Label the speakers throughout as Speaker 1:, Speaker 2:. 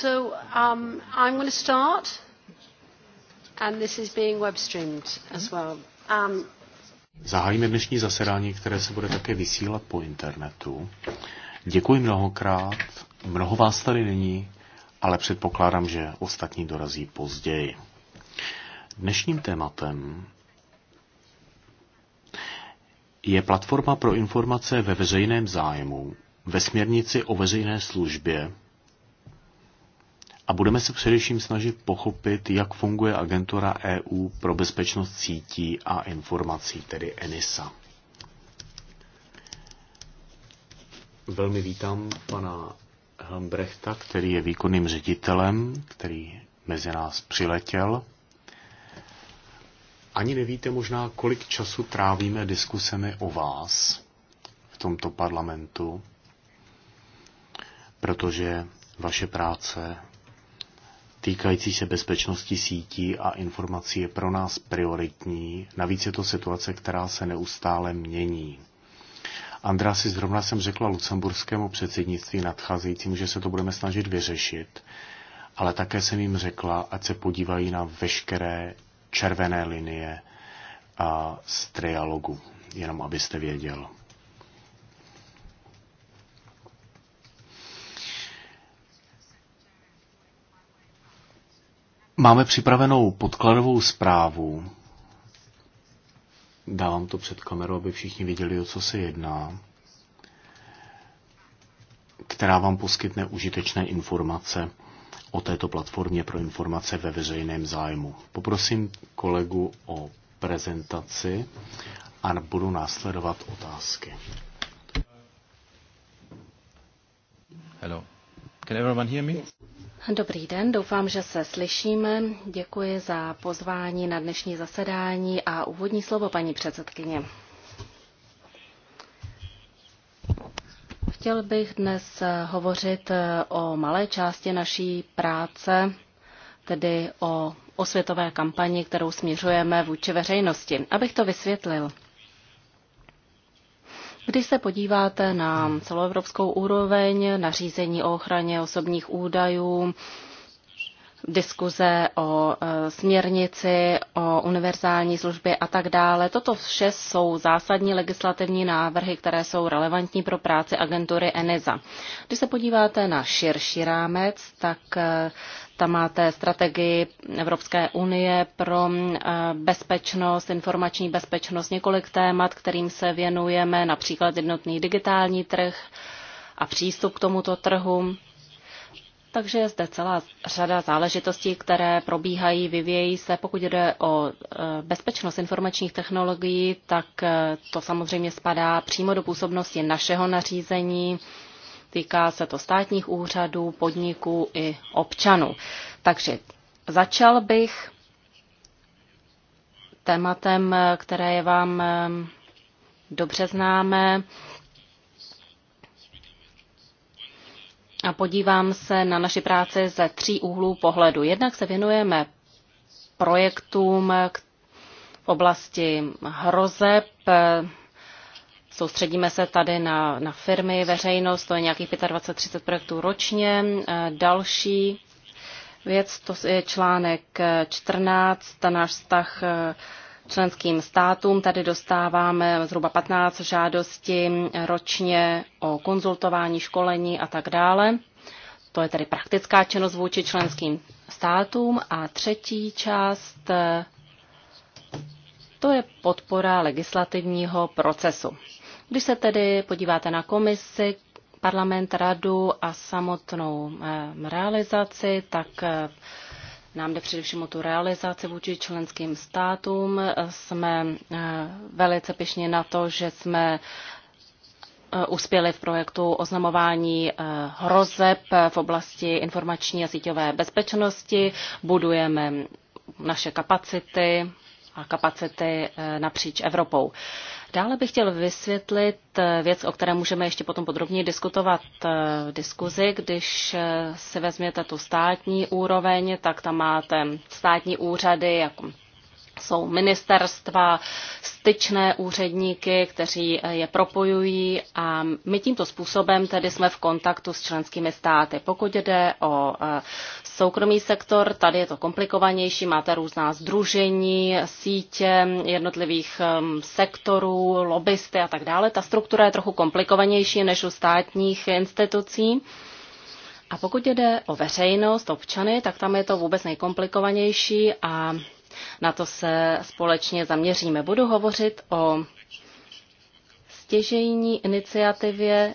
Speaker 1: So um, I'm going to start, and this is being web streamed as mhm. well. Um,
Speaker 2: Zahájíme dnešní zasedání, které se bude také vysílat po internetu. Děkuji mnohokrát. Mnoho vás tady není, ale předpokládám, že ostatní dorazí později. Dnešním tématem je platforma pro informace ve veřejném zájmu ve směrnici o veřejné službě a budeme se především snažit pochopit, jak funguje agentura EU pro bezpečnost sítí a informací, tedy ENISA. Velmi vítám pana Helmbrechta, který je výkonným ředitelem, který mezi nás přiletěl. Ani nevíte možná, kolik času trávíme diskusemi o vás v tomto parlamentu, protože vaše práce týkající se bezpečnosti sítí a informací je pro nás prioritní. Navíc je to situace, která se neustále mění. Andrá si zrovna jsem řekla lucemburskému předsednictví nadcházejícímu, že se to budeme snažit vyřešit, ale také jsem jim řekla, ať se podívají na veškeré červené linie a z trialogu, jenom abyste věděl. Máme připravenou podkladovou zprávu. Dávám to před kameru, aby všichni viděli, o co se jedná která vám poskytne užitečné informace o této platformě pro informace ve veřejném zájmu. Poprosím kolegu o prezentaci a budu následovat otázky. Hello. Can everyone hear me?
Speaker 1: Dobrý den, doufám, že se slyšíme. Děkuji za pozvání na dnešní zasedání a úvodní slovo paní předsedkyně. Chtěl bych dnes hovořit o malé části naší práce, tedy o osvětové kampani, kterou směřujeme vůči veřejnosti. Abych to vysvětlil. Když se podíváte na celoevropskou úroveň, nařízení o ochraně osobních údajů, diskuze o e, směrnici, o univerzální službě a tak dále. Toto vše jsou zásadní legislativní návrhy, které jsou relevantní pro práci agentury ENISA. Když se podíváte na širší rámec, tak e, tam máte strategii Evropské unie pro e, bezpečnost, informační bezpečnost, několik témat, kterým se věnujeme, například jednotný digitální trh a přístup k tomuto trhu takže je zde celá řada záležitostí, které probíhají, vyvějí se. Pokud jde o e, bezpečnost informačních technologií, tak e, to samozřejmě spadá přímo do působnosti našeho nařízení. Týká se to státních úřadů, podniků i občanů. Takže začal bych tématem, e, které je vám dobře známé. a podívám se na naši práci ze tří úhlů pohledu. Jednak se věnujeme projektům v oblasti hrozeb, Soustředíme se tady na, na firmy, veřejnost, to je nějakých 25-30 projektů ročně. E, další věc, to je článek 14, náš vztah e, členským státům. Tady dostáváme zhruba 15 žádostí ročně o konzultování, školení a tak dále. To je tedy praktická činnost vůči členským státům. A třetí část, to je podpora legislativního procesu. Když se tedy podíváte na komisi, parlament, radu a samotnou eh, realizaci, tak eh, nám jde především o tu realizaci vůči členským státům. Jsme eh, velice pišní na to, že jsme eh, uspěli v projektu oznamování eh, hrozeb v oblasti informační a síťové bezpečnosti. Budujeme naše kapacity a kapacity napříč Evropou. Dále bych chtěl vysvětlit eh, věc, o které můžeme ještě potom podrobně diskutovat eh, v diskuzi. Když eh, si vezměte tu státní úroveň, tak tam máte státní úřady, jako jsou ministerstva, styčné úředníky, kteří eh, je propojují a my tímto způsobem tedy jsme v kontaktu s členskými státy. Pokud jde o eh, soukromý sektor, tady je to komplikovanější, máte různá združení, sítě jednotlivých ehm, sektorů, lobbysty a tak dále. Ta struktura je trochu komplikovanější než u státních institucí. A pokud jde o veřejnost, občany, tak tam je to vůbec nejkomplikovanější a na to se společně zaměříme. Budu hovořit o stěžejní iniciativě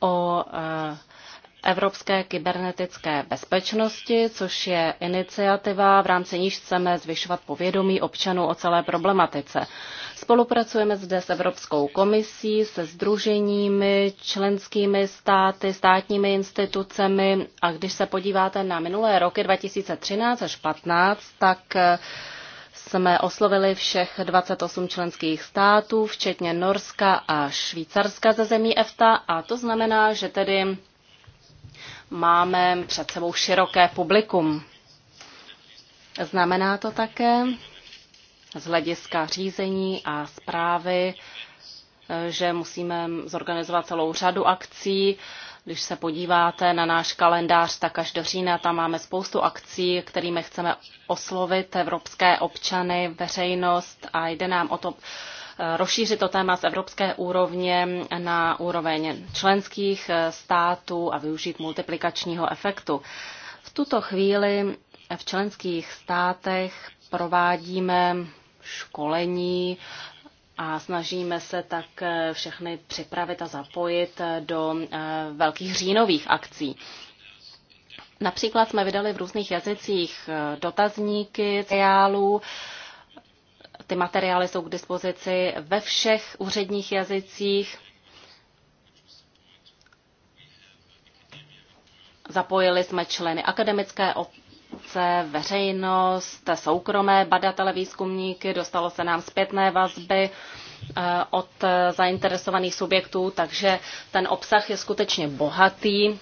Speaker 1: o eh, evropské kybernetické bezpečnosti, což je iniciativa, v rámci níž chceme zvyšovat povědomí občanů o celé problematice. Spolupracujeme zde s Evropskou komisí, se združeními, členskými státy, státními institucemi a když se podíváte na minulé roky 2013 až 2015, tak eh, jsme oslovili všech 28 členských států, včetně Norska a Švýcarska ze zemí EFTA a to znamená, že tedy máme před sebou široké publikum. Znamená to také z hlediska řízení a zprávy, že musíme zorganizovat celou řadu akcí. Když se podíváte na náš kalendář, tak až do října tam máme spoustu akcí, kterými chceme oslovit evropské občany, veřejnost a jde nám o to rozšířit to téma z evropské úrovně na úroveň členských států a využít multiplikačního efektu. V tuto chvíli v členských státech provádíme školení a snažíme se tak všechny připravit a zapojit do eh, velkých říjnových akcí. Například jsme vydali v různých jazycích eh, dotazníky, materiálů, ty materiály jsou k dispozici ve všech úředních jazycích. Zapojili jsme členy akademické obce, veřejnost, soukromé badatele výzkumníky, dostalo se nám zpětné vazby eh, od zainteresovaných subjektů, takže ten obsah je skutečně bohatý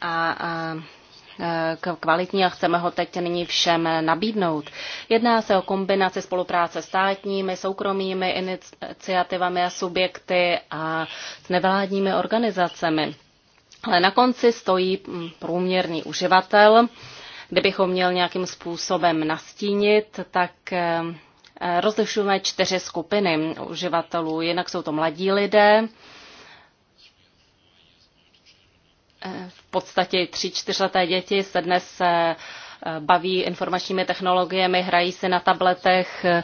Speaker 1: a eh, kvalitní a chceme ho teď nyní všem nabídnout. Jedná se o kombinaci spolupráce státními, soukromými iniciativami a subjekty a s nevládními organizacemi. Ale na konci stojí průměrný uživatel. Kdybychom měl nějakým způsobem nastínit, tak eh, rozlišujeme čtyři skupiny uživatelů. Jinak jsou to mladí lidé, v podstatě tři, čtyřleté děti se dnes eh, baví informačními technologiemi, hrají se na tabletech, eh,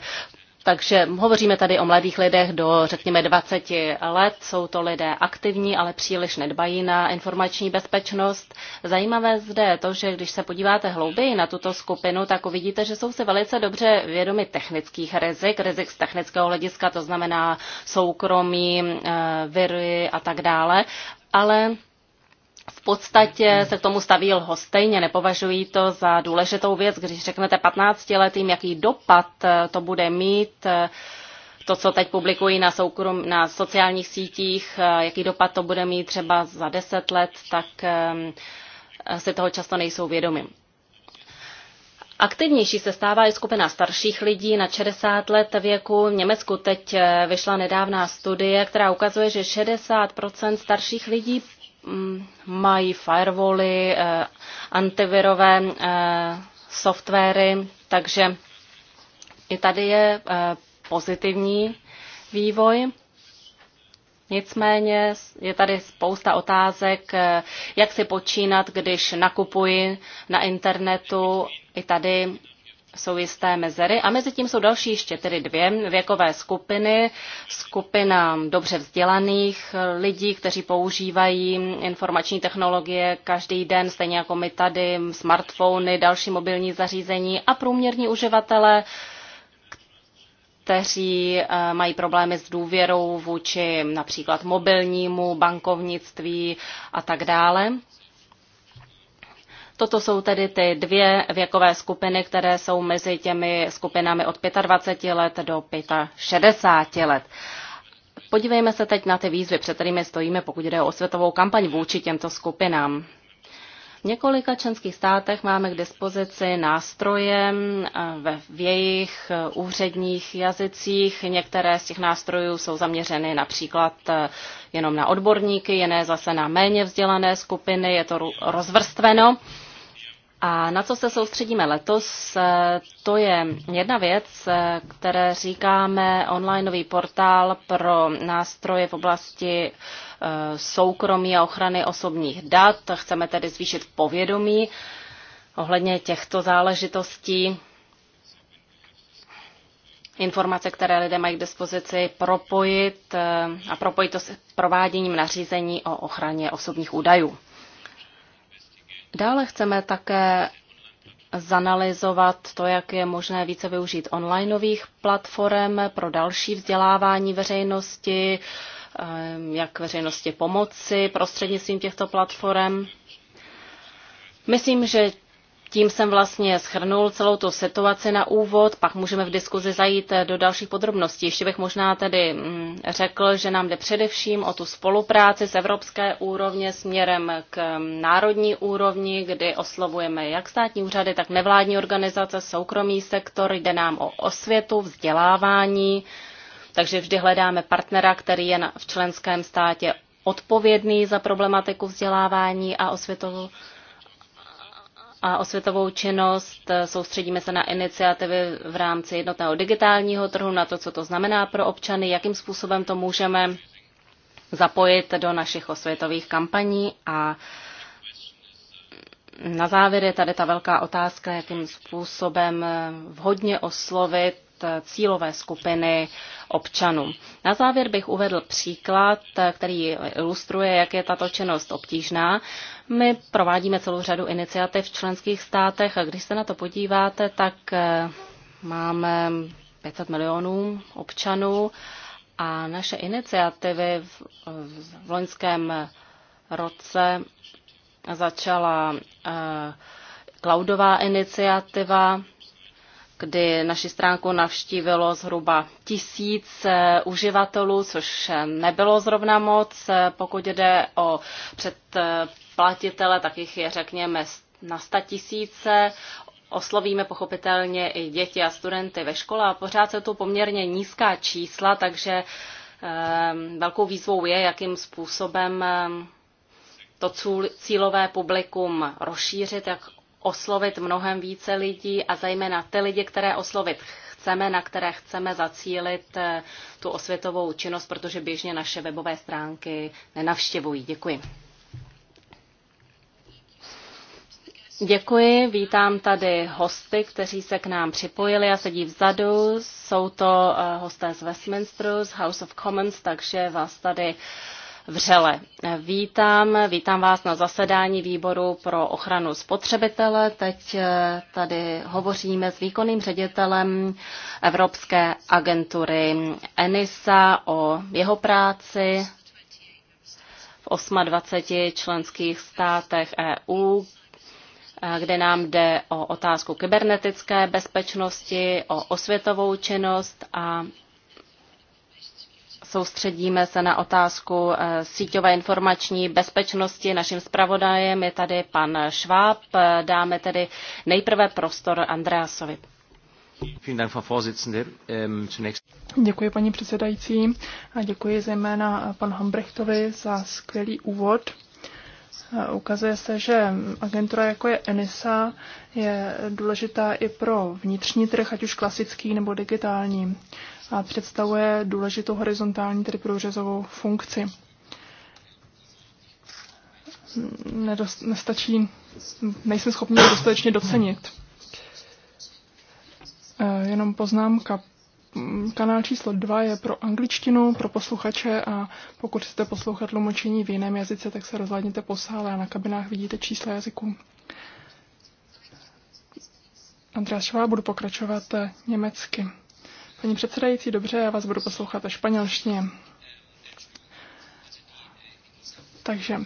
Speaker 1: takže hovoříme tady o mladých lidech do, řekněme, 20 let. Jsou to lidé aktivní, ale příliš nedbají na informační bezpečnost. Zajímavé zde je to, že když se podíváte hlouběji na tuto skupinu, tak uvidíte, že jsou si velice dobře vědomi technických rizik, rizik z technického hlediska, to znamená soukromí, eh, viry a tak dále. Ale podstatě se k tomu staví ho stejně, nepovažují to za důležitou věc, když řeknete 15 letým, jaký dopad eh, to bude mít, eh, to, co teď publikují na, soukrom, na sociálních sítích, eh, jaký dopad to bude mít třeba za 10 let, tak ehm, si toho často nejsou vědomi. Aktivnější se stává i skupina starších lidí na 60 let věku. V Německu teď vyšla nedávná studie, která ukazuje, že 60 starších lidí Mm, mají firewally, eh, antivirové eh, softwary, takže i tady je eh, pozitivní vývoj. Nicméně je tady spousta otázek, jak si počínat, když nakupuji na internetu. I tady jsou jisté mezery a mezi tím jsou další ještě tedy dvě věkové skupiny. Skupina dobře vzdělaných lidí, kteří používají informační technologie každý den, stejně jako my tady, smartfony, další mobilní zařízení a průměrní uživatelé, kteří eh, mají problémy s důvěrou vůči například mobilnímu bankovnictví a tak dále. Toto jsou tedy ty dvě věkové skupiny, které jsou mezi těmi skupinami od 25 let do 65 let. Podívejme se teď na ty výzvy, před kterými stojíme, pokud jde o světovou kampaň vůči těmto skupinám. V několika členských státech máme k dispozici nástroje eh, ve, v jejich eh, úředních jazycích. Některé z těch nástrojů jsou zaměřeny například eh, jenom na odborníky, jiné zase na méně vzdělané skupiny, je to rozvrstveno. A na co se soustředíme letos, eh, to je jedna věc, eh, které říkáme onlineový portál pro nástroje v oblasti eh, soukromí a ochrany osobních dat. Chceme tedy zvýšit povědomí ohledně těchto záležitostí. Informace, které lidé mají k dispozici, propojit a propojit to s prováděním nařízení o ochraně osobních údajů. Dále chceme také zanalizovat to, jak je možné více využít onlineových platform pro další vzdělávání veřejnosti, ehm, jak veřejnosti pomoci prostřednictvím těchto platform. Myslím, že tím jsem vlastně schrnul celou tu situaci na úvod, pak můžeme v diskuzi zajít do dalších podrobností. Ještě bych možná tedy mm, řekl, že nám jde především o tu spolupráci z evropské úrovně směrem k národní úrovni, kdy oslovujeme jak státní úřady, tak nevládní organizace, soukromý sektor, jde nám o osvětu, vzdělávání, takže vždy hledáme partnera, který je v členském státě odpovědný za problematiku vzdělávání a osvětovou a osvětovou činnost. Soustředíme se na iniciativy v rámci jednotného digitálního trhu, na to, co to znamená pro občany, jakým způsobem to můžeme zapojit do našich osvětových kampaní a na závěr je tady ta velká otázka, jakým způsobem vhodně oslovit Eh, cílové skupiny občanů. Na závěr bych uvedl příklad, eh, který ilustruje, jak je tato činnost obtížná. My provádíme celou řadu iniciativ v členských státech a když se na to podíváte, tak eh, máme 500 milionů občanů a naše iniciativy v, v loňském roce začala cloudová iniciativa kdy naši stránku navštívilo zhruba tisíc eh, uživatelů, což eh, nebylo zrovna moc. Eh, pokud jde o předplatitele, tak jich je řekněme na 100 tisíce. Oslovíme pochopitelně i děti a studenty ve škole a pořád se tu poměrně nízká čísla, takže ehm, velkou výzvou je, jakým způsobem ehm, to cílové publikum rozšířit, jak oslovit mnohem více lidí a zejména ty lidi, které oslovit chceme, na které chceme zacílit eh, tu osvětovou činnost, protože běžně naše webové stránky nenavštěvují. Děkuji. Děkuji, vítám tady hosty, kteří se k nám připojili a sedí vzadu. Jsou to eh, hosté z Westminsteru, z House of Commons, takže vás tady uh, vřele vítám. Vítám vás na zasedání výboru pro ochranu spotřebitele. Teď eh, tady hovoříme s výkonným ředitelem Evropské agentury ENISA o jeho práci v 28 členských státech EU, eh, kde nám jde o otázku kybernetické bezpečnosti, o osvětovou činnost a Soustředíme se na otázku eh, síťové informační bezpečnosti. Naším zpravodajem je tady pan Šváb. Dáme tedy nejprve prostor Andreasovi.
Speaker 2: Ähm,
Speaker 3: děkuji paní předsedající a děkuji zejména eh, pan Hambrechtovi za skvělý úvod. Eh, ukazuje se, že agentura jako je ENISA je důležitá i pro vnitřní trh, ať už klasický nebo digitální a představuje důležitou horizontální, tedy průřezovou funkci. Nedost, nestačí, nejsem schopný dostatečně docenit. E, jenom poznámka. Kanál číslo 2 je pro angličtinu, pro posluchače a pokud chcete poslouchat tlumočení v jiném jazyce, tak se rozhledněte po sále a na kabinách vidíte čísla jazyků. Andreas Švá, budu pokračovat německy. Paní předsedající, dobře, já vás budu poslouchat ve španělštině. Takže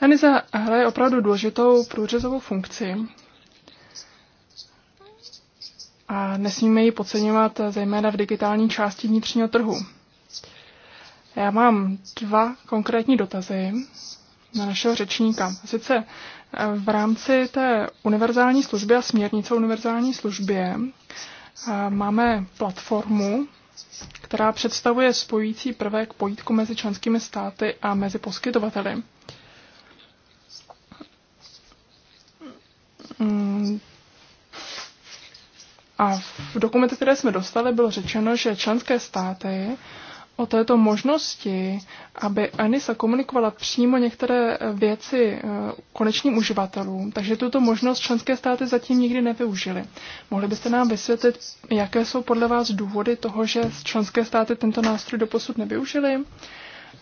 Speaker 3: Eniza hraje opravdu důležitou průřezovou funkci a nesmíme ji podceňovat zejména v digitální části vnitřního trhu. Já mám dva konkrétní dotazy na našeho řečníka. Sice eh, v rámci té univerzální služby a směrnice o univerzální službě máme platformu, která představuje spojící prvek pojítku mezi členskými státy a mezi poskytovateli. A v dokumentu, které jsme dostali, bylo řečeno, že členské státy o této možnosti, aby Anisa komunikovala přímo některé věci eh, konečným uživatelům, takže tuto možnost členské státy zatím nikdy nevyužily. Mohli byste nám vysvětlit, jaké jsou podle vás důvody toho, že členské státy tento nástroj doposud nevyužily?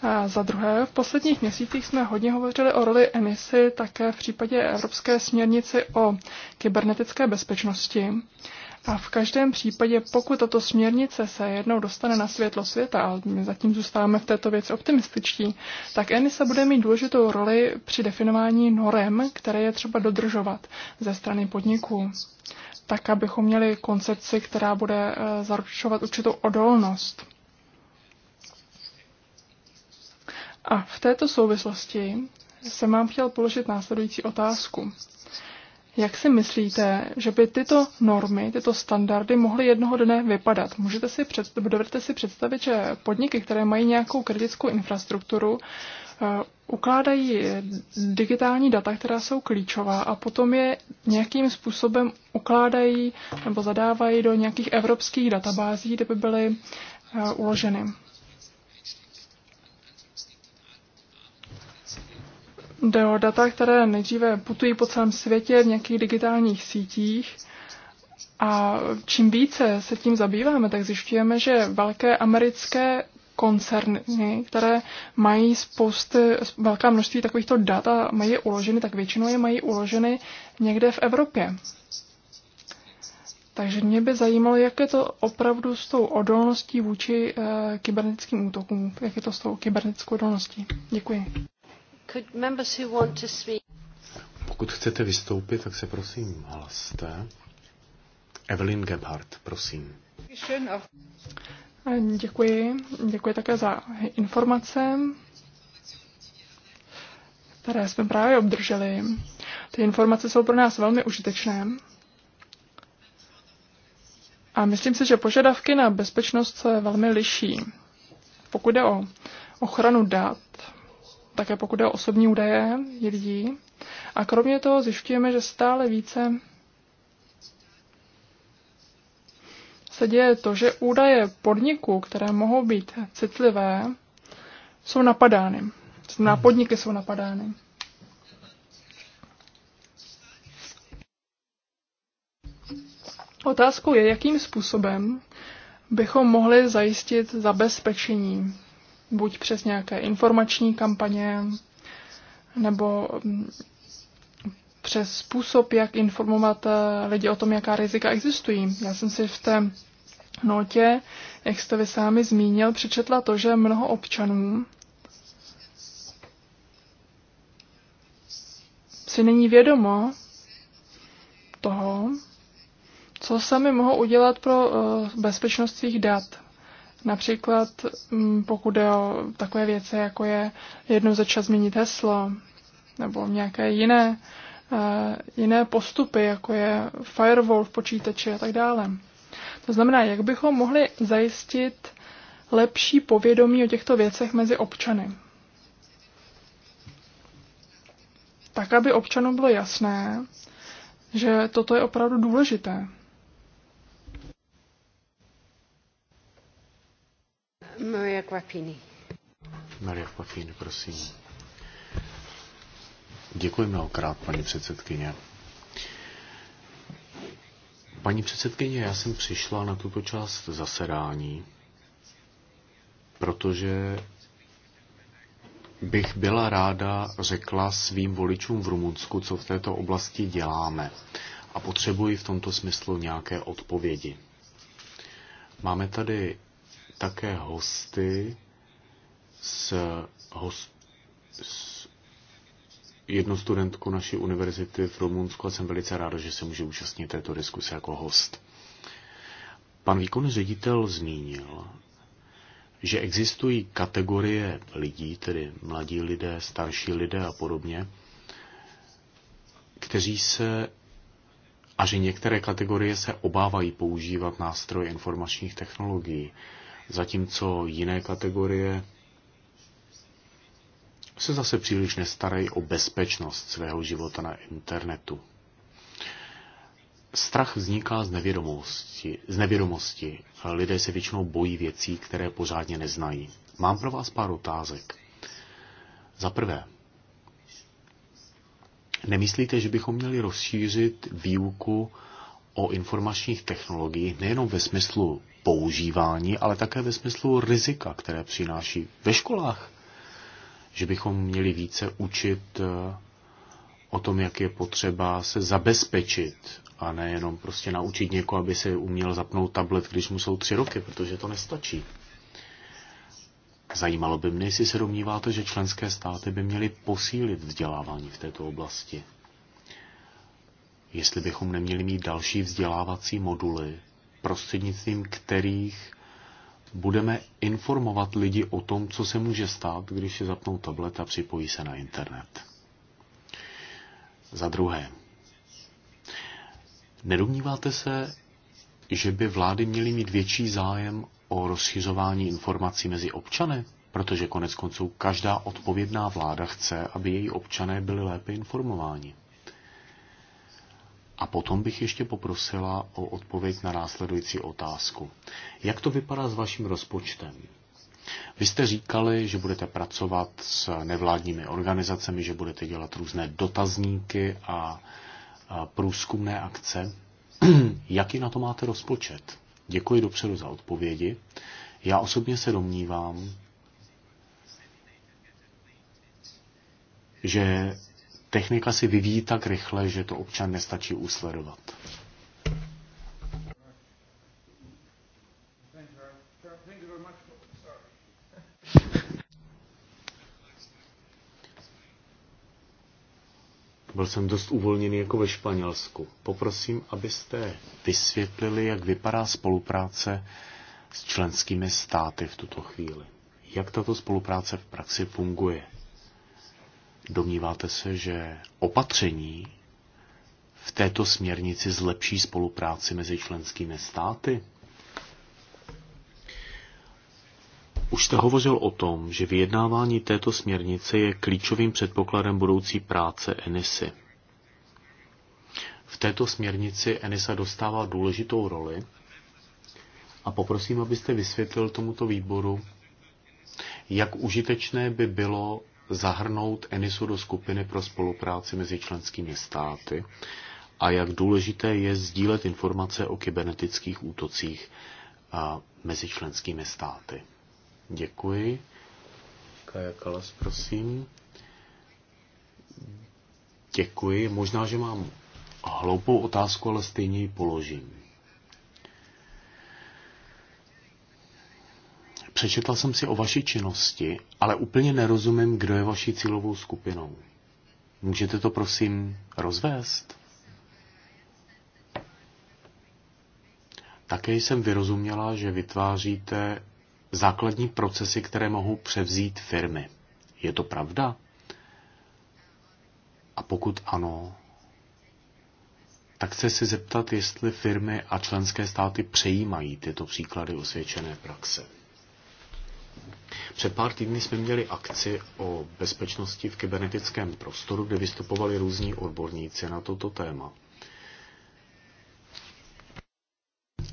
Speaker 3: A za druhé, v posledních měsících jsme hodně hovořili o roli ENISy také v případě Evropské směrnici o kybernetické bezpečnosti. A v každém případě, pokud tato směrnice se jednou dostane na světlo světa, a my zatím zůstáváme v této věci optimističtí, tak ENISA bude mít důležitou roli při definování norem, které je třeba dodržovat ze strany podniků tak abychom měli koncepci, která bude eh, zaručovat určitou odolnost. A v této souvislosti se mám chtěl položit následující otázku. Jak si myslíte, že by tyto normy, tyto standardy mohly jednoho dne vypadat? Můžete si představit, dovedete si představit, že podniky, které mají nějakou kritickou infrastrukturu, eh, ukládají digitální data, která jsou klíčová a potom je nějakým způsobem ukládají nebo zadávají do nějakých evropských databází, kde by byly eh, uloženy. Jde o data, které nejdříve putují po celém světě v nějakých digitálních sítích. A čím více se tím zabýváme, tak zjišťujeme, že velké americké koncerny, které mají spousty, velká množství takovýchto dat a mají je uloženy, tak většinou je mají uloženy někde v Evropě. Takže mě by zajímalo, jak je to opravdu s tou odolností vůči e, kybernetickým útokům, jak je to s tou kybernetickou odolností. Děkuji.
Speaker 2: Pokud chcete vystoupit, tak se prosím hlaste. Evelyn Gebhardt, prosím.
Speaker 3: Eh, děkuji. Děkuji také za informace, které jsme právě obdrželi. Ty informace jsou pro nás velmi užitečné. A myslím si, že požadavky na bezpečnost se velmi liší. Pokud jde o ochranu dat, také pokud je o osobní údaje lidí. A kromě toho zjišťujeme, že stále více se děje to, že údaje podniků, které mohou být citlivé, jsou napadány. Na mhm. podniky jsou napadány. Otázkou je, jakým způsobem bychom mohli zajistit zabezpečení buď přes nějaké informační kampaně, nebo mm, přes způsob, jak informovat eh, lidi o tom, jaká rizika existují. Já jsem si v té notě, jak jste vy sami zmínil, přečetla to, že mnoho občanů si není vědomo toho, co sami mohou udělat pro eh, bezpečnost svých dat. Například mm, pokud je o takové věci, jako je jednou za čas změnit heslo, nebo nějaké jiné, eh, jiné postupy, jako je firewall v počítači a tak dále. To znamená, jak bychom mohli zajistit lepší povědomí o těchto věcech mezi občany. Tak, aby občanům bylo jasné, že toto je opravdu důležité.
Speaker 1: Maria Kvapini.
Speaker 2: Maria Kvapini, prosím. Děkuji mnohokrát, paní předsedkyně. Paní předsedkyně, já jsem přišla na tuto část zasedání, protože bych byla ráda řekla svým voličům v Rumunsku, co v této oblasti děláme. A potřebuji v tomto smyslu nějaké odpovědi. Máme tady také hosty s, host, s jednu studentku naší univerzity v Rumunsku a jsem velice rád, že se může účastnit této diskuse jako host. Pan výkonný ředitel zmínil, že existují kategorie lidí, tedy mladí lidé, starší lidé a podobně, kteří se a že některé kategorie se obávají používat nástroje informačních technologií zatímco jiné kategorie se zase příliš nestarají o bezpečnost svého života na internetu. Strach vzniká z nevědomosti. Z nevědomosti. Lidé se většinou bojí věcí, které pořádně neznají. Mám pro vás pár otázek. Za prvé, nemyslíte, že bychom měli rozšířit výuku o informačních technologiích nejenom ve smyslu používání, ale také ve smyslu rizika, které přináší ve školách. Že bychom měli více učit eh, o tom, jak je potřeba se zabezpečit a nejenom prostě naučit někoho, aby se uměl zapnout tablet, když mu jsou tři roky, protože to nestačí. Zajímalo by mě, jestli se domníváte, že členské státy by měly posílit vzdělávání v této oblasti jestli bychom neměli mít další vzdělávací moduly, prostřednictvím kterých budeme informovat lidi o tom, co se může stát, když si zapnou tablet a připojí se na internet. Za druhé, nedomníváte se, že by vlády měly mít větší zájem o rozšiřování informací mezi občany? Protože konec konců každá odpovědná vláda chce, aby její občané byli lépe informováni. A potom bych ještě poprosila o odpověď na následující otázku. Jak to vypadá s vaším rozpočtem? Vy jste říkali, že budete pracovat s nevládními organizacemi, že budete dělat různé dotazníky a průzkumné akce. Jaký na to máte rozpočet? Děkuji dopředu za odpovědi. Já osobně se domnívám, že technika se vyvíjí tak rychle, že to občan nestačí usledovat. Byl jsem dost uvolněný jako ve Španělsku. Poprosím, abyste vysvětlili, jak vypadá spolupráce s členskými státy v tuto chvíli. Jak tato spolupráce v praxi funguje? Domníváte se, že opatření v této směrnici zlepší spolupráci mezi členskými státy? Už jste hovořil o tom, že vyjednávání této směrnice je klíčovým předpokladem budoucí práce Enisy. V této směrnici Enisa dostává důležitou roli a poprosím, abyste vysvětlil tomuto výboru, jak užitečné by bylo zahrnout ENISu do skupiny pro spolupráci mezi členskými státy a jak důležité je sdílet informace o kybernetických útocích mezi členskými státy. Děkuji. Kaja Kalas, prosím. Děkuji. Možná, že mám hloupou otázku, ale stejně ji položím. Přečetla jsem si o vaší činnosti, ale úplně nerozumím, kdo je vaší cílovou skupinou. Můžete to prosím rozvést? Také jsem vyrozuměla, že vytváříte základní procesy, které mohou převzít firmy. Je to pravda? A pokud ano, tak chci si zeptat, jestli firmy a členské státy přejímají tyto příklady osvědčené praxe. Před pár týdny jsme měli akci o bezpečnosti v kybernetickém prostoru, kde vystupovali různí odborníci na toto téma.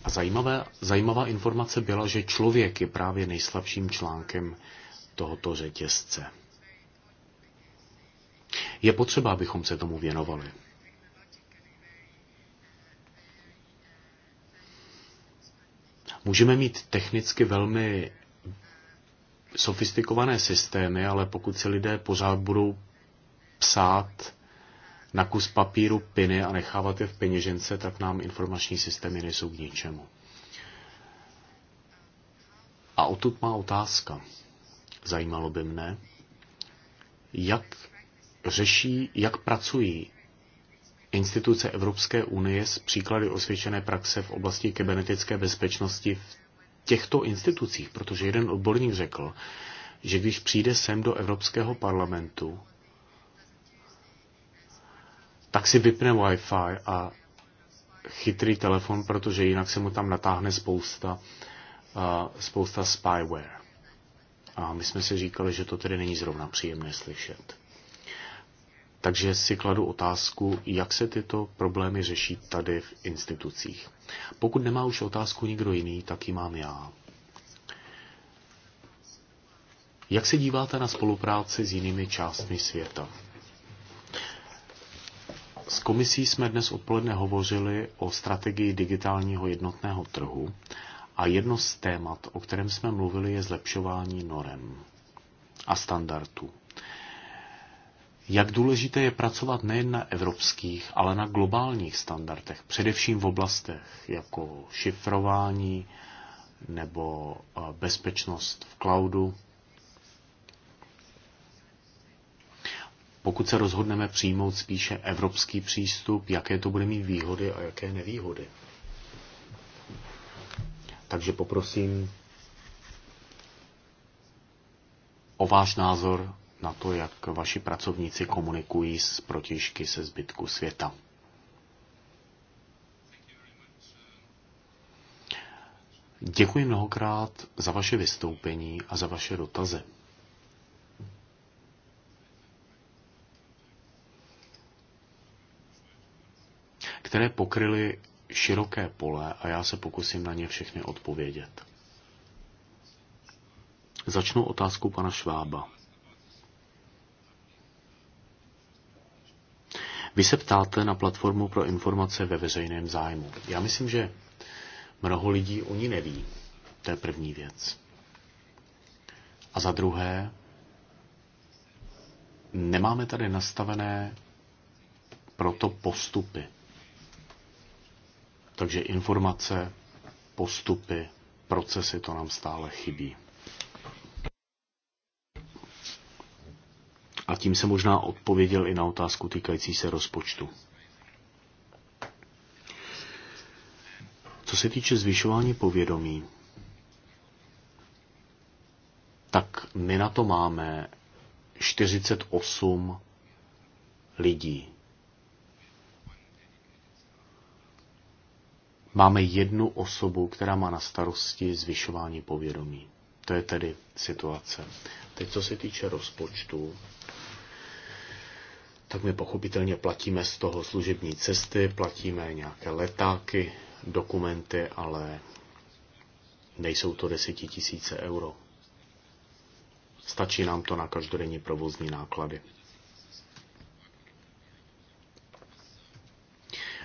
Speaker 2: A zajímavé, zajímavá informace byla, že člověk je právě nejslabším článkem tohoto řetězce. Je potřeba, abychom se tomu věnovali. Můžeme mít technicky velmi sofistikované systémy, ale pokud si lidé pořád budou psát na kus papíru piny a nechávat je v peněžence, tak nám informační systémy nejsou k ničemu. A odtud má otázka. Zajímalo by mne, jak řeší, jak pracují instituce Evropské unie s příklady osvědčené praxe v oblasti kybernetické bezpečnosti v těchto institucích, protože jeden odborník řekl, že když přijde sem do Evropského parlamentu, tak si vypne Wi-Fi a chytrý telefon, protože jinak se mu tam natáhne spousta, uh, spousta spyware. A my jsme si říkali, že to tedy není zrovna příjemné slyšet. Takže si kladu otázku, jak se tyto problémy řeší tady v institucích. Pokud nemá už otázku nikdo jiný, tak ji mám já. Jak se díváte na spolupráci s jinými částmi světa? S komisí jsme dnes odpoledne hovořili o strategii digitálního jednotného trhu a jedno z témat, o kterém jsme mluvili, je zlepšování norem a standardů jak důležité je pracovat nejen na evropských, ale na globálních standardech, především v oblastech jako šifrování nebo eh, bezpečnost v cloudu. Pokud se rozhodneme přijmout spíše evropský přístup, jaké to bude mít výhody a jaké nevýhody. Takže poprosím o váš názor na to, jak vaši pracovníci komunikují s protižky se zbytku světa. Děkuji mnohokrát za vaše vystoupení a za vaše dotazy. které pokryly široké pole a já se pokusím na ně všechny odpovědět. Začnu otázkou pana Švába. Vy se ptáte na platformu pro informace ve veřejném zájmu. Já myslím, že mnoho lidí o ní neví. To je první věc. A za druhé, nemáme tady nastavené proto postupy. Takže informace, postupy, procesy, to nám stále chybí. tím se možná odpověděl i na otázku týkající se rozpočtu. Co se týče zvyšování povědomí, tak my na to máme 48 lidí. Máme jednu osobu, která má na starosti zvyšování povědomí. To je tedy situace. Teď, co se týče rozpočtu, tak my pochopitelně platíme z toho služební cesty, platíme nějaké letáky, dokumenty, ale nejsou to desetitisíce euro. Stačí nám to na každodenní provozní náklady.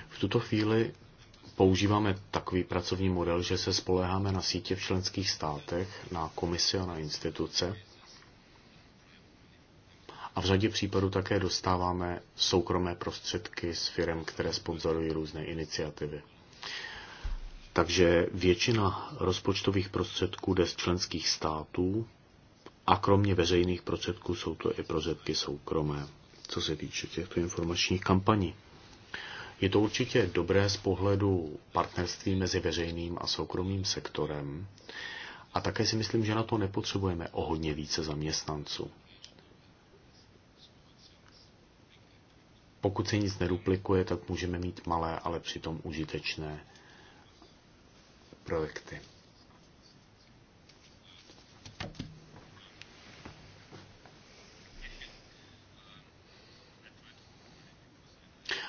Speaker 2: V tuto chvíli používáme takový pracovní model, že se spoléháme na sítě v členských státech, na komisi a na instituce, v řadě případů také dostáváme soukromé prostředky z firm, které sponzorují různé iniciativy. Takže většina rozpočtových prostředků jde z členských států a kromě veřejných prostředků jsou to i prostředky soukromé, co se týče těchto informačních kampaní. Je to určitě dobré z pohledu partnerství mezi veřejným a soukromým sektorem a také si myslím, že na to nepotřebujeme o hodně více zaměstnanců. Pokud se nic neduplikuje, tak můžeme mít malé, ale přitom užitečné projekty.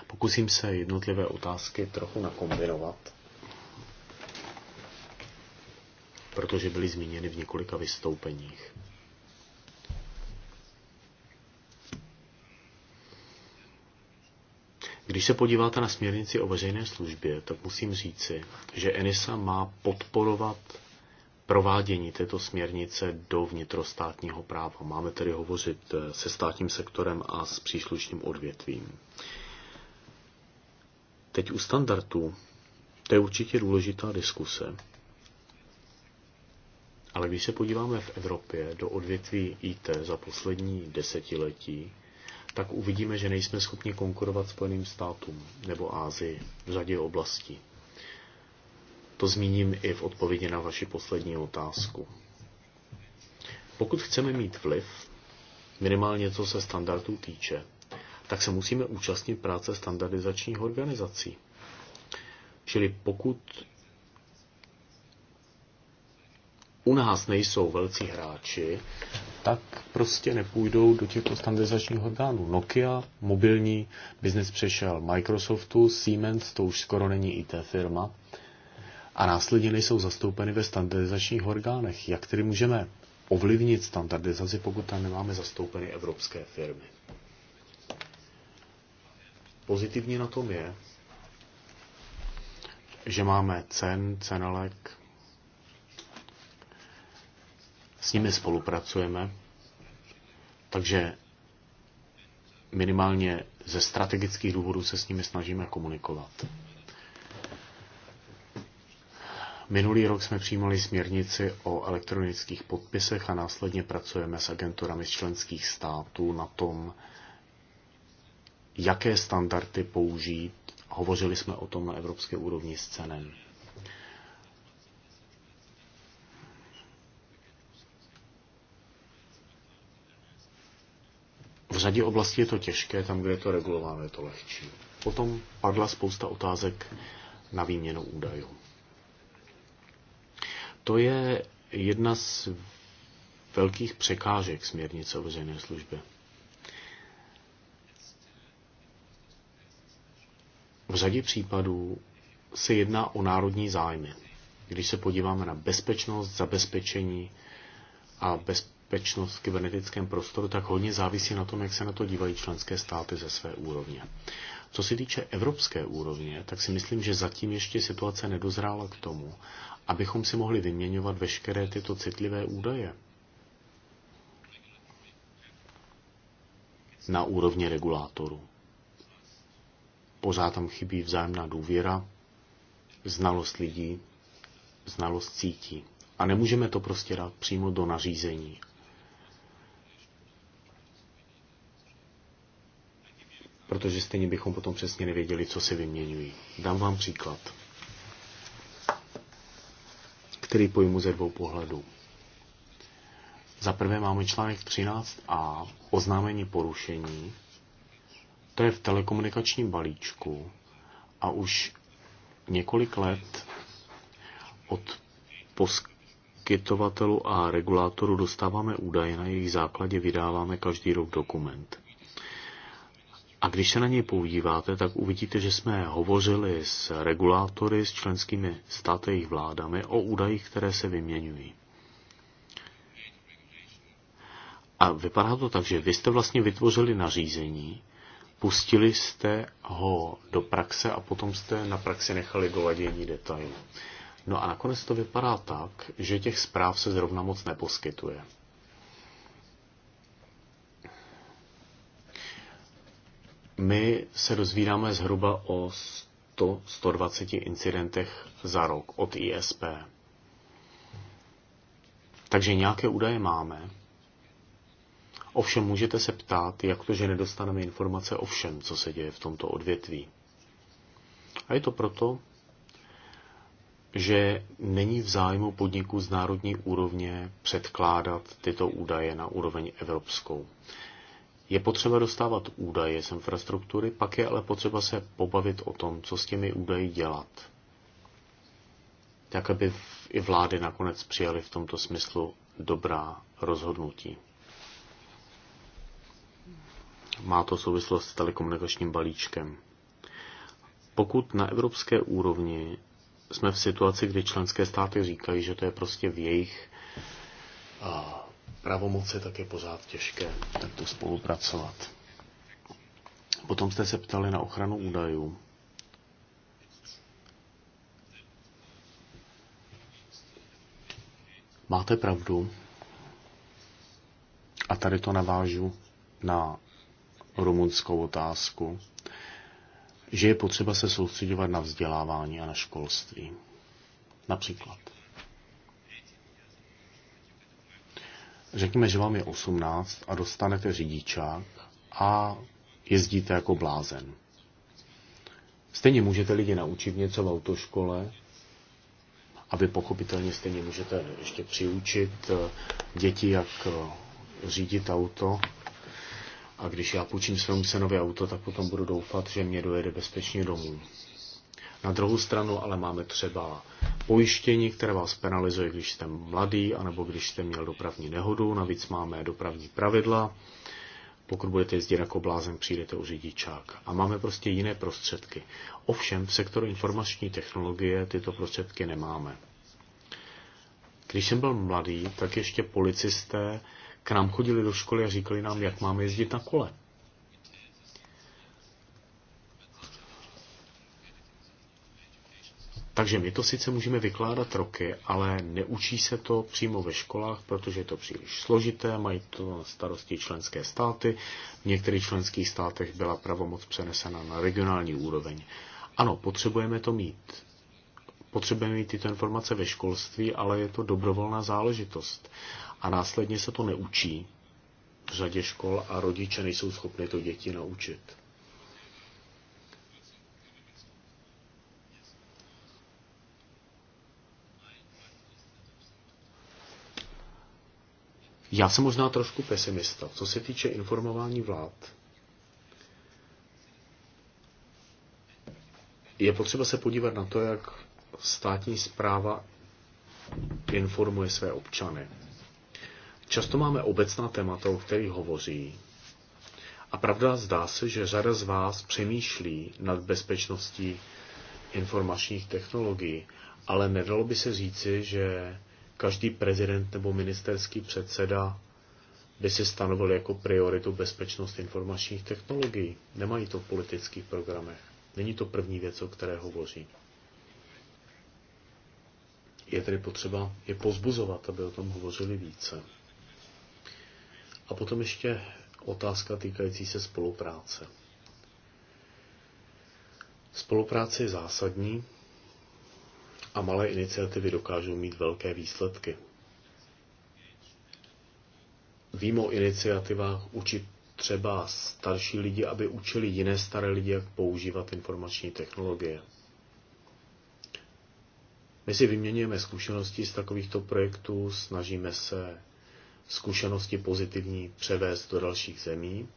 Speaker 2: Pokusím se jednotlivé otázky trochu nakombinovat, protože byly zmíněny v několika vystoupeních. Když se podíváte na směrnici o veřejné službě, tak musím říci, že ENISA má podporovat provádění této směrnice do vnitrostátního práva. Máme tedy hovořit eh, se státním sektorem a s příslušným odvětvím. Teď u standardů, to je určitě důležitá diskuse, ale když se podíváme v Evropě do odvětví IT za poslední desetiletí, tak uvidíme, že nejsme schopni konkurovat Spojeným státům nebo Ázii v řadě oblastí. To zmíním i v odpovědi na vaši poslední otázku. Pokud chceme mít vliv, minimálně co se standardů týče, tak se musíme účastnit práce standardizačních organizací. Čili pokud u nás nejsou velcí hráči, tak prostě nepůjdou do těchto standardizačních orgánů. Nokia, mobilní biznis přešel Microsoftu, Siemens, to už skoro není IT firma, a následně nejsou zastoupeny ve standardizačních orgánech. Jak tedy můžeme ovlivnit standardizaci, pokud tam nemáme zastoupeny evropské firmy? Pozitivní na tom je, že máme CEN, CENELEC, s nimi spolupracujeme, takže minimálně ze strategických důvodů se s nimi snažíme komunikovat. Minulý rok jsme přijímali směrnici o elektronických podpisech a následně pracujeme s agenturami z členských států na tom, jaké standardy použít. Hovořili jsme o tom na evropské úrovni s cenem. řadě oblastí je to těžké, tam, kde je to regulováno, je to lehčí. Potom padla spousta otázek na výměnu údajů. To je jedna z velkých překážek směrnice o veřejné službě. V řadě případů se jedná o národní zájmy. Když se podíváme na bezpečnost, zabezpečení a bez, bezpečnost v kybernetickém prostoru tak hodně závisí na tom, jak se na to dívají členské státy ze své úrovně. Co se týče evropské úrovně, tak si myslím, že zatím ještě situace nedozrála k tomu, abychom si mohli vyměňovat veškeré tyto citlivé údaje. Na úrovni regulátoru. Pořád tam chybí vzájemná důvěra, znalost lidí, znalost cítí. A nemůžeme to prostě dát přímo do nařízení, protože stejně bychom potom přesně nevěděli, co se vyměňují. Dám vám příklad, který pojmu ze dvou pohledů. Za prvé máme článek 13a, oznámení porušení. To je v telekomunikačním balíčku a už několik let od poskytovatelů a regulátorů dostáváme údaje, na jejich základě vydáváme každý rok dokument. A když se na něj podíváte, tak uvidíte, že jsme hovořili s regulátory, s členskými státy jejich vládami o údajích, které se vyměňují. A vypadá to tak, že vy jste vlastně vytvořili nařízení, pustili jste ho do praxe a potom jste na praxi nechali doladění detailů. No a nakonec to vypadá tak, že těch zpráv se zrovna moc neposkytuje. My se dozvídáme zhruba o 100-120 incidentech za rok od ISP. Takže nějaké údaje máme. Ovšem můžete se ptát, jak to, že nedostaneme informace o všem, co se děje v tomto odvětví. A je to proto, že není v zájmu podniků z národní úrovně předkládat tyto údaje na úroveň evropskou. Je potřeba dostávat údaje z infrastruktury, pak je ale potřeba se pobavit o tom, co s těmi údaji dělat. Tak, aby i vlády nakonec přijaly v tomto smyslu dobrá rozhodnutí. Má to souvislost s telekomunikačním balíčkem. Pokud na evropské úrovni jsme v situaci, kdy členské státy říkají, že to je prostě v jejich uh, pravomoce, tak je pořád těžké takto spolupracovat. Potom jste se ptali na ochranu údajů. Máte pravdu. A tady to navážu na rumunskou otázku, že je potřeba se soustředovat na vzdělávání a na školství. Například. Řekněme, že vám je 18 a dostanete řidičák a jezdíte jako blázen. Stejně můžete lidi naučit něco v autoškole, a vy pochopitelně stejně můžete ještě přiučit eh, děti, jak eh, řídit auto. A když já půjčím svému synovi auto, tak potom budu doufat, že mě dojede bezpečně domů. Na druhou stranu ale máme třeba pojištění, které vás penalizuje, když jste mladý, anebo když jste měl dopravní nehodu. Navíc máme dopravní pravidla. Pokud budete jezdit jako blázen, přijdete u řidičák. A máme prostě jiné prostředky. Ovšem, v sektoru informační technologie tyto prostředky nemáme. Když jsem byl mladý, tak ještě policisté k nám chodili do školy a říkali nám, jak máme jezdit na kole. Takže my to sice můžeme vykládat roky, ale neučí se to přímo ve školách, protože je to příliš složité, mají to na starosti členské státy. V některých členských státech byla pravomoc přenesena na regionální úroveň. Ano, potřebujeme to mít. Potřebujeme mít tyto informace ve školství, ale je to dobrovolná záležitost. A následně se to neučí v řadě škol a rodiče nejsou schopni to děti naučit. Já jsem možná trošku pesimista, co se týče informování vlád. Je potřeba se podívat na to, jak státní zpráva informuje své občany. Často máme obecná témata, o kterých hovoří. A pravda zdá se, že řada z vás přemýšlí nad bezpečností informačních technologií, ale nedalo by se říci, že každý prezident nebo ministerský předseda by si stanovil jako prioritu bezpečnost informačních technologií. Nemají to v politických programech. Není to první věc, o které hovoří. Je tedy potřeba je pozbuzovat, aby o tom hovořili více. A potom ještě otázka týkající se spolupráce. Spolupráce je zásadní, a malé iniciativy dokážou mít velké výsledky. Vím o iniciativách učit třeba starší lidi, aby učili jiné staré lidi, jak používat informační technologie. My si vyměňujeme zkušenosti z takovýchto projektů, snažíme se zkušenosti pozitivní převést do dalších zemí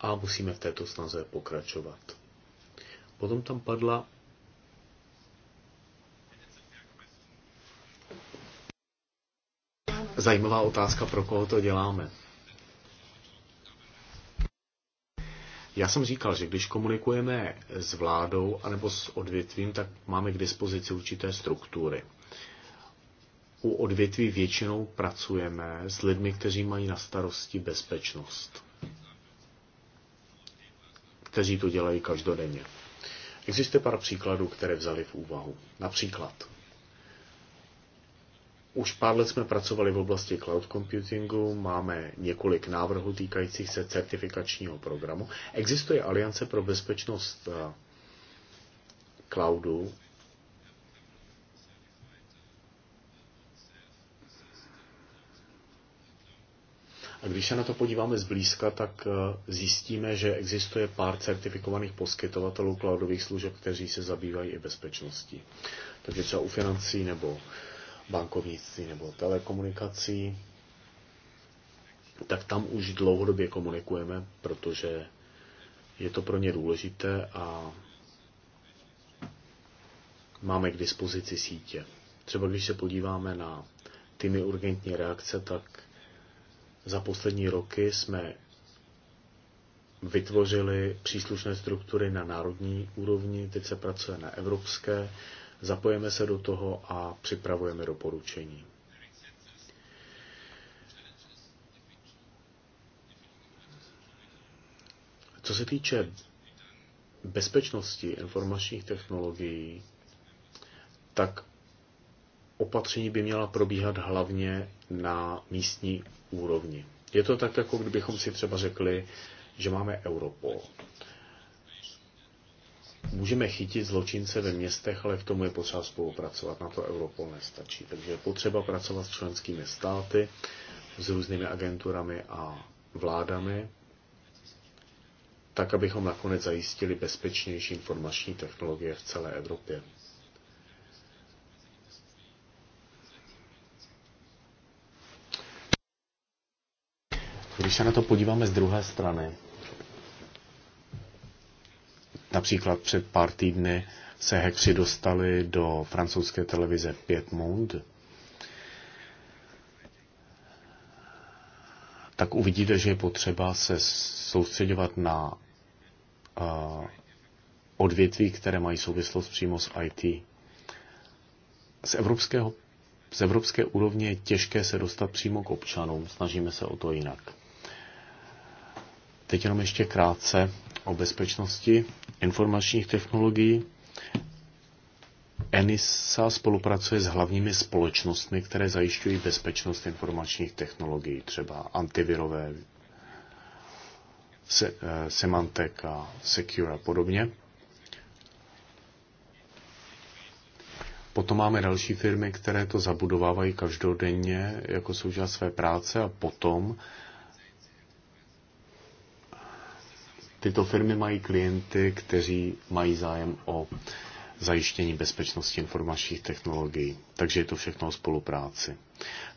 Speaker 2: a musíme v této snaze pokračovat. Potom tam padla zajímavá otázka, pro koho to děláme. Já jsem říkal, že když komunikujeme s vládou anebo s odvětvím, tak máme k dispozici určité struktury. U odvětví většinou pracujeme s lidmi, kteří mají na starosti bezpečnost. Kteří to dělají každodenně. Existuje pár příkladů, které vzali v úvahu. Například už pár let jsme pracovali v oblasti cloud computingu, máme několik návrhů týkajících se certifikačního programu. Existuje Aliance pro bezpečnost eh, cloudu. A když se na to podíváme zblízka, tak eh, zjistíme, že existuje pár certifikovaných poskytovatelů cloudových služeb, kteří se zabývají i bezpečností. Takže třeba u financí nebo bankovnictví nebo telekomunikací, tak tam už dlouhodobě komunikujeme, protože je to pro ně důležité a máme k dispozici sítě. Třeba když se podíváme na týmy urgentní reakce, tak za poslední roky jsme vytvořili příslušné struktury na národní úrovni, teď se pracuje na evropské, zapojeme se do toho a připravujeme doporučení. Co se týče bezpečnosti informačních technologií, tak opatření by měla probíhat hlavně na místní úrovni. Je to tak, jako kdybychom si třeba řekli, že máme Europol. Můžeme chytit zločince ve městech, ale k tomu je potřeba spolupracovat. Na to Europol nestačí. Takže je potřeba pracovat s členskými státy, s různými agenturami a vládami, tak, abychom nakonec zajistili bezpečnější informační technologie v celé Evropě. Když se na to podíváme z druhé strany, Například před pár týdny se hekři dostali do francouzské televize Pět Tak uvidíte, že je potřeba se soustředovat na uh, odvětví, které mají souvislost přímo s IT. Z, evropského, z evropské úrovně je těžké se dostat přímo k občanům, snažíme se o to jinak. Teď jenom ještě krátce o bezpečnosti informačních technologií. ENISA spolupracuje s hlavními společnostmi, které zajišťují bezpečnost informačních technologií, třeba antivirové, se, eh, Symantec a Secure a podobně. Potom máme další firmy, které to zabudovávají každodenně jako součást své práce a potom Tyto firmy mají klienty, kteří mají zájem o zajištění bezpečnosti informačních technologií. Takže je to všechno o spolupráci.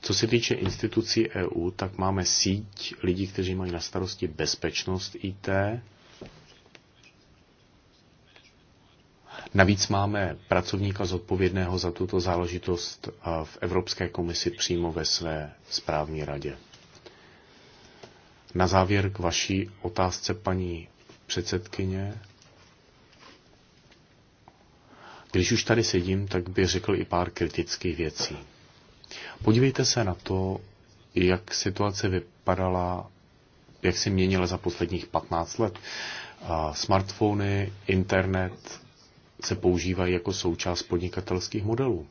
Speaker 2: Co se týče institucí EU, tak máme síť lidí, kteří mají na starosti bezpečnost IT. Navíc máme pracovníka zodpovědného za tuto záležitost eh, v Evropské komisi přímo ve své správní radě. Na závěr k vaší otázce, paní předsedkyně. Když už tady sedím, tak bych řekl i pár kritických věcí. Podívejte se na to, jak situace vypadala, jak se měnila za posledních 15 let. Smartfony, internet se používají jako součást podnikatelských modelů.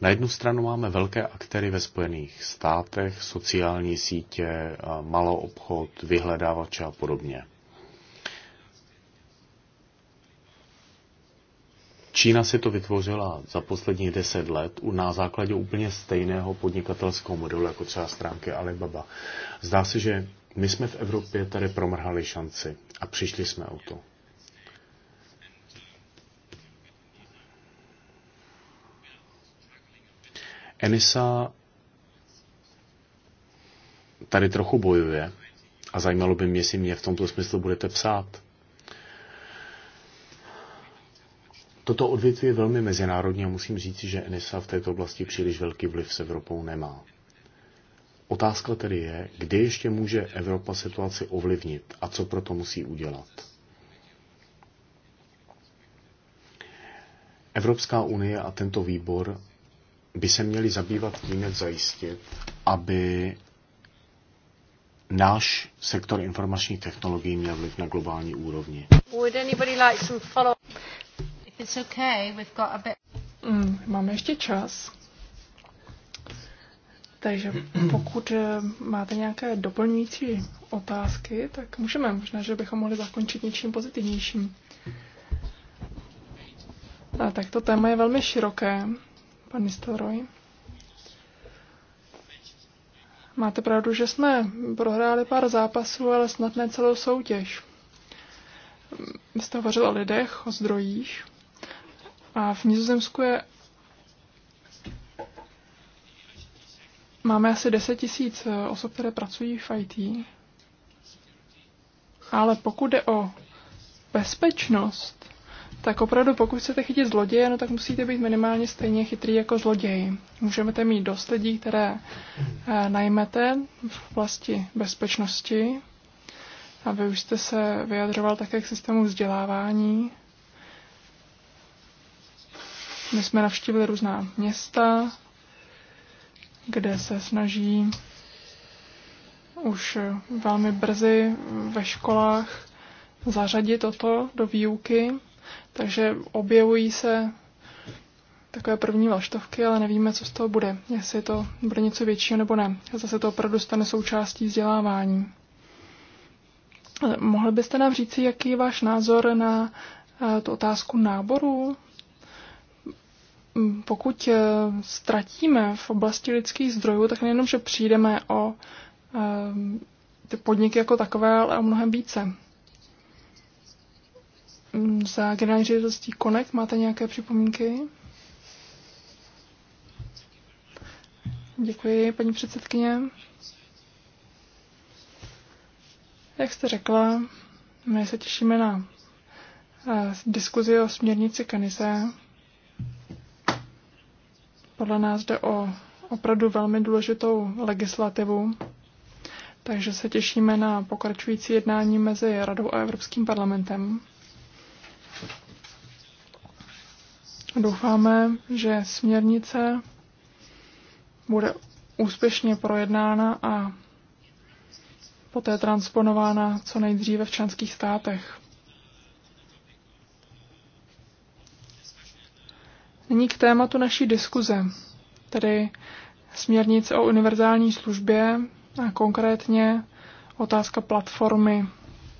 Speaker 2: Na jednu stranu máme velké aktéry ve Spojených státech, sociální sítě, malou obchod, vyhledávače a podobně. Čína si to vytvořila za posledních deset let na základě úplně stejného podnikatelského modelu, jako třeba stránky Alibaba. Zdá se, že my jsme v Evropě tady promrhali šanci a přišli jsme o to. Enisa tady trochu bojuje a zajímalo by mě, jestli mě v tomto smyslu budete psát. Toto odvětví je velmi mezinárodní a musím říct, že NSA v této oblasti příliš velký vliv s Evropou nemá. Otázka tedy je, kdy ještě může Evropa situaci ovlivnit a co proto musí udělat. Evropská unie a tento výbor by se měli zabývat tím, jak zajistit, aby náš sektor informačních technologií měl vliv na globální úrovni.
Speaker 1: It's okay, we've got a bit...
Speaker 3: Mm, máme ještě čas. Takže pokud eh, máte nějaké doplňující otázky, tak můžeme. Možná, že bychom mohli zakončit něčím pozitivnějším. A tak to téma je velmi široké, pan Nistelrooy. Máte pravdu, že jsme prohráli pár zápasů, ale snad ne celou soutěž. Vy jste hovořil o lidech, o zdrojích. A v Nizozemsku je Máme asi 10 tisíc eh, osob, které pracují v IT. Ale pokud jde o bezpečnost, tak opravdu pokud chcete chytit zloděje, no tak musíte být minimálně stejně chytrý jako zloděj. Můžete mít dost lidí, které eh, najmete v oblasti bezpečnosti. A vy už jste se vyjadřoval také k systému vzdělávání. My jsme navštívili různá města, kde se snaží už velmi brzy ve školách zařadit toto do výuky, takže objevují se takové první vlaštovky, ale nevíme, co z toho bude, jestli to bude něco většího nebo ne. Zase to opravdu stane součástí vzdělávání. Mohli byste nám říci, jaký je váš názor na eh, tu otázku náboru pokud eh, ztratíme v oblasti lidských zdrojů, tak nejenom, že přijdeme o eh, ty podniky jako takové, ale o mnohem více. Mm, za generální ředitelství Konek máte nějaké připomínky? Děkuji, paní předsedkyně. Jak jste řekla, my se těšíme na eh, diskuzi o směrnici Kanise podle nás jde o opravdu velmi důležitou legislativu, takže se těšíme na pokračující jednání mezi Radou a Evropským parlamentem. Doufáme, že směrnice bude úspěšně projednána a poté transponována co nejdříve v členských státech. Nyní k tématu naší diskuze, tedy směrnice o univerzální službě a konkrétně otázka platformy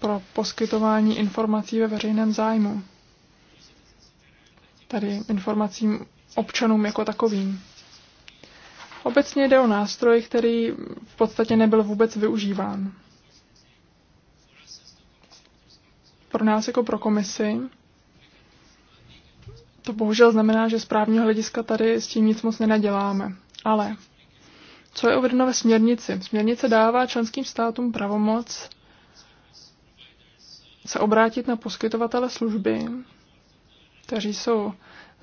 Speaker 3: pro poskytování informací ve veřejném zájmu, tady informacím občanům jako takovým. Obecně jde o nástroj, který v podstatě nebyl vůbec využíván. Pro nás jako pro komisi to bohužel znamená, že z právního hlediska tady s tím nic moc nenaděláme. Ale co je uvedeno ve směrnici? Směrnice dává členským státům pravomoc se obrátit na poskytovatele služby, kteří jsou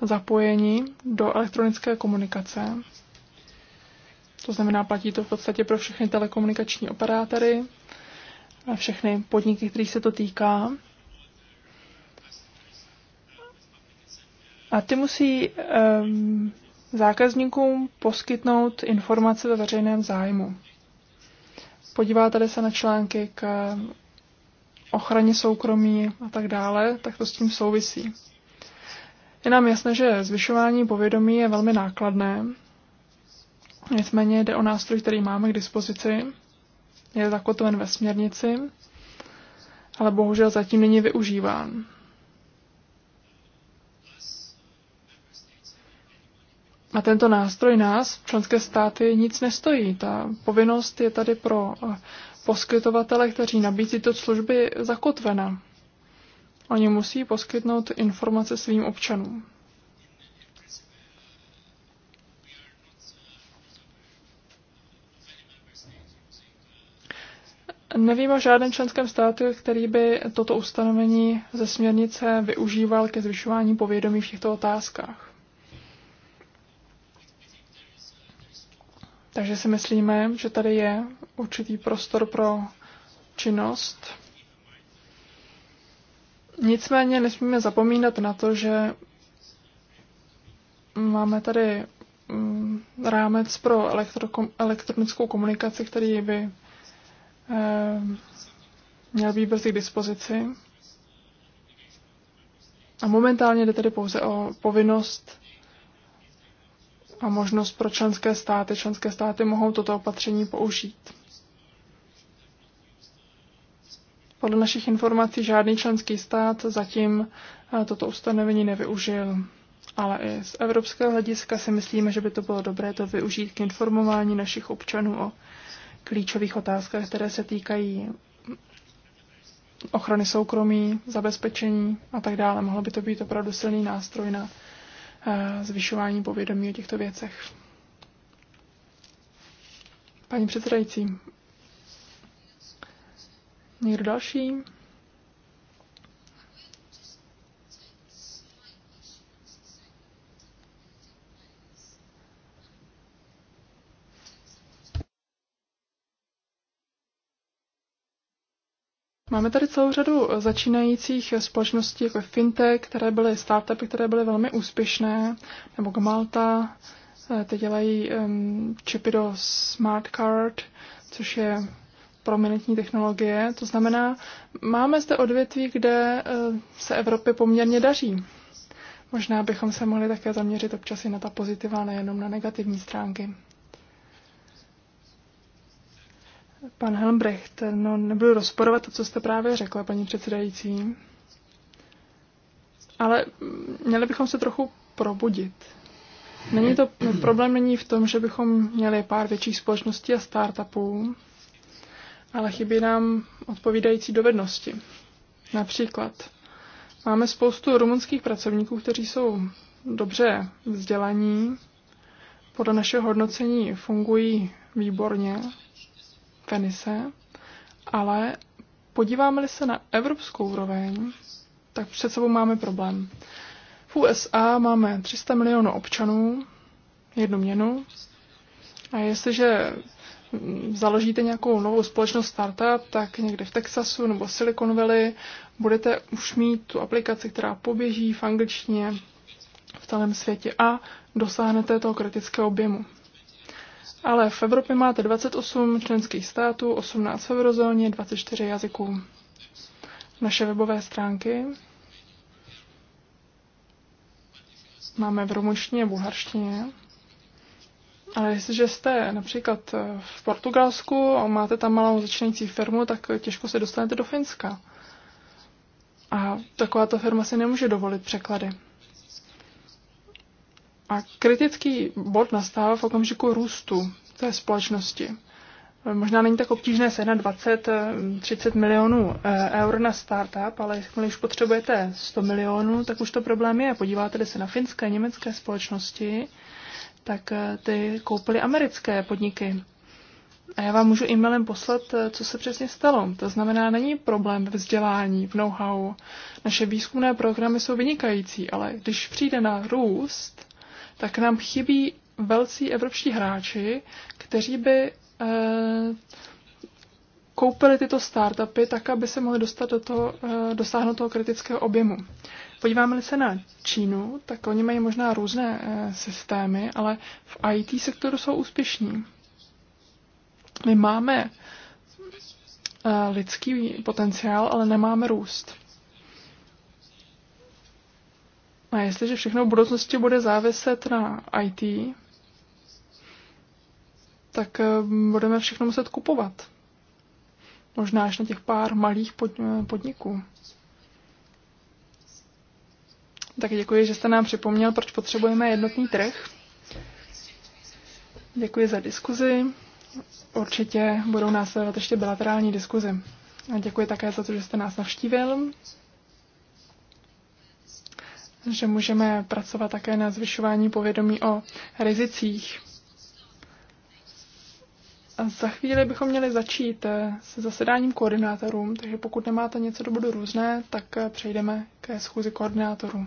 Speaker 3: zapojeni do elektronické komunikace. To znamená, platí to v podstatě pro všechny telekomunikační operátory, všechny podniky, kterých se to týká. A ty musí um, zákazníkům poskytnout informace ve veřejném zájmu. Podíváte se na články k ochraně soukromí a tak dále, tak to s tím souvisí. Je nám jasné, že zvyšování povědomí je velmi nákladné, nicméně jde o nástroj, který máme k dispozici, je zakotven ve směrnici, ale bohužel zatím není využíván. A tento nástroj nás, členské státy, nic nestojí. Ta povinnost je tady pro eh, poskytovatele, kteří nabízí tyto služby, zakotvena. Oni musí poskytnout informace svým občanům. Nevím o žádném členském státu, který by toto ustanovení ze směrnice využíval ke zvyšování povědomí v těchto otázkách. Takže si myslíme, že tady je určitý prostor pro činnost. Nicméně nesmíme zapomínat na to, že máme tady mm, rámec pro elektrokom- elektronickou komunikaci, který by eh, měl být brzy k dispozici. A momentálně jde tedy pouze o povinnost a možnost pro členské státy. Členské státy mohou toto opatření použít. Podle našich informací žádný členský stát zatím eh, toto ustanovení nevyužil. Ale i z evropského hlediska si myslíme, že by to bylo dobré to využít k informování našich občanů o klíčových otázkách, které se týkají ochrany soukromí, zabezpečení a tak dále. Mohlo by to být opravdu silný nástroj na zvyšování povědomí o těchto věcech. Paní předsedající, někdo další? Máme tady celou řadu eh, začínajících eh, společností, jako fintech, které byly startupy, které byly velmi úspěšné, nebo Gmalta, jako eh, ty dělají um, čipy do smart card, což je prominentní technologie. To znamená, máme zde odvětví, kde uh, se Evropě poměrně daří. Možná bychom se mohli také zaměřit občas i na ta pozitiva, nejenom na negativní stránky. Pan Helmbrecht, no nebudu rozporovat to, co jste právě řekla, paní předsedající, ale měli bychom se trochu probudit. Není to, problém není v tom, že bychom měli pár větších společností a startupů, ale chybí nám odpovídající dovednosti. Například máme spoustu rumunských pracovníků, kteří jsou dobře vzdělaní, podle našeho hodnocení fungují výborně, penise, ale podíváme-li se na evropskou úroveň, tak před sebou máme problém. V USA máme 300 milionů občanů, jednu měnu, a jestliže založíte nějakou novou společnost startup, tak někde v Texasu nebo Silicon Valley budete už mít tu aplikaci, která poběží v angličtině v celém světě a dosáhnete toho kritického objemu. Ale v Evropě máte 28 členských států, 18 v eurozóně, 24 jazyků. Naše webové stránky máme v rumunštině, bulharštině. Ale jestliže jste například v Portugalsku a máte tam malou začínající firmu, tak těžko se dostanete do Finska. A takováto firma si nemůže dovolit překlady. A kritický bod nastává v okamžiku růstu té společnosti. Možná není tak obtížné na 20-30 milionů eh, eur na startup, ale jestli už potřebujete 100 milionů, tak už to problém je. Podíváte se na finské, německé společnosti, tak eh, ty koupily americké podniky. A já vám můžu e-mailem poslat, eh, co se přesně stalo. To znamená, není problém ve vzdělání, v know-how. Naše výzkumné programy jsou vynikající, ale když přijde na růst, tak nám chybí velcí evropští hráči, kteří by eh, koupili tyto startupy tak, aby se mohli dostat do toho, eh, dosáhnout toho kritického objemu. Podíváme-li se na Čínu, tak oni mají možná různé eh, systémy, ale v IT sektoru jsou úspěšní. My máme lidský potenciál, ale nemáme růst. A jestliže všechno v budoucnosti bude záviset na IT, tak eh, budeme všechno muset kupovat. Možná až na těch pár malých eh, podniků. Tak děkuji, že jste nám připomněl, proč potřebujeme jednotný trh. Děkuji za diskuzi. Určitě budou následovat ještě bilaterální diskuzi. A děkuji také za to, že jste nás navštívil že můžeme pracovat také na zvyšování povědomí o rizicích. A za chvíli bychom měli začít eh, se zasedáním koordinátorům, takže pokud nemáte něco do bodu různé, tak eh, přejdeme ke schůzi koordinátorů.